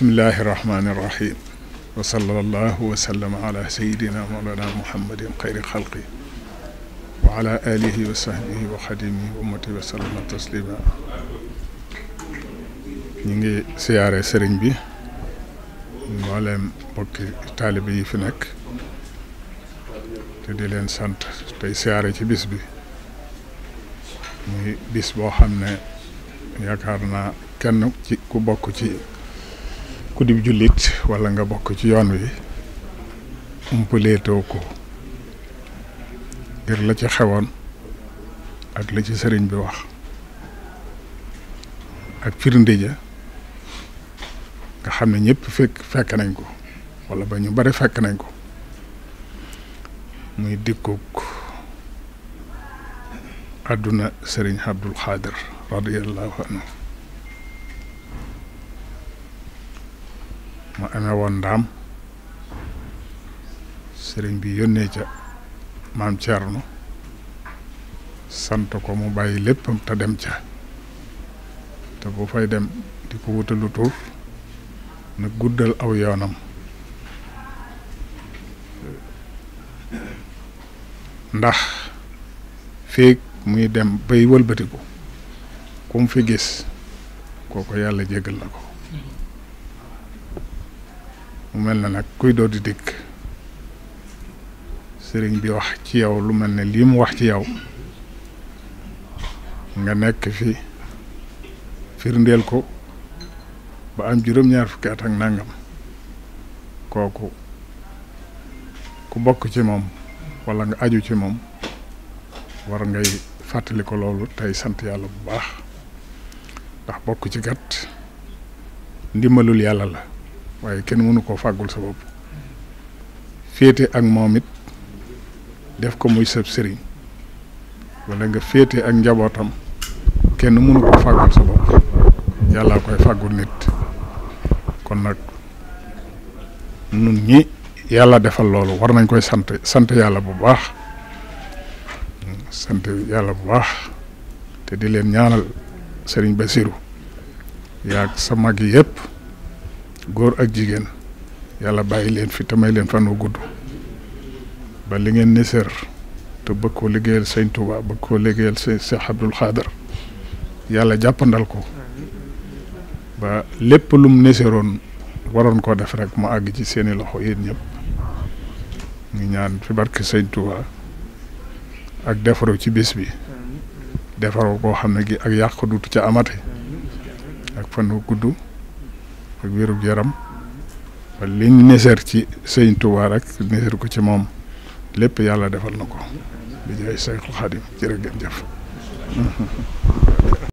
بسم الله الرحمن الرحيم وصلى الله وسلم على سيدنا مولانا محمد خير خلقه وعلى آله وصحبه وخدمه ومتي وسلم تسليما نيغي سيارة سرين بي مولم بوكي طالبي في نك te di leen sant tey siyaare ci bis bi muy bis boo xam ne yaakaar naa kenn ku di jullit walla nga bokk ci yoon wi umpaleetoo ko ngir la ci xewoon ak la ci sëriñ bi wax ak firnde ja nga xam ne ñëpp fekk fekk nañ ko walla ba ñu bari fekk nañ ko muy dikkuk àdduna sëriñ Abdul Xaadir radiyallahu anhu mu amee ndaam sëriñ bi yónnee ca maam Thierno sant ko mu bàyyi léppam te dem ca te bu fay dem di ko wutalu tur na guddal aw yoonam ndax feeg muy dem bay wëlbatiku ku mu fi gis kooku yàlla jéggal na ko mu mel na nag kuy doo di dikk sëriñ bi wax ci yow lu mel ne lii mu wax ci yow nga nekk fi firndeel ko ba am juróom-ñaar fukki at ak nangam kooku ku bokk ci moom wala nga aju ci moom war ngay fàttali ko loolu tey sant yàlla bu baax ndax bokk ci gat ndimbalul yàlla la waaye kenn mënu koo fàggul sa bopp féete ak moom it def ko muy sëb sëriñ wala nga féete ak njabootam kenn mënu koo fàggul sa bopp yàllaa koy fàggul nit kon nag nun ñi yàlla defal loolu war nañ koy sant sant yàlla bu baax sant yàlla bu baax te di leen ñaanal sëriñ Basiru yaag sa mag yi yëpp góor ak jigéen yàlla bàyyi leen fi te may leen fan wu gudd ba li ngeen ne te bëgg ko liggéeyal sëñ Touba bëgg ko liggéeyal sëñ Cheikh Abdoul Khader yàlla jàppandal ko ba lépp lum neseroon waroon koo def rek mu àgg ci seeni loxo yéen ñëpp ñu ñaan fi barke ak defaru ci bis bi defaru koo xam ne gi ak yàq duutu ca amate ak fan wu gudd ak wérug yaram li ñu ci sëñ Touba rek neseer ko ci moom lépp yàlla defal na ko di jaay Seexul Xaadim jërë ngeen jëf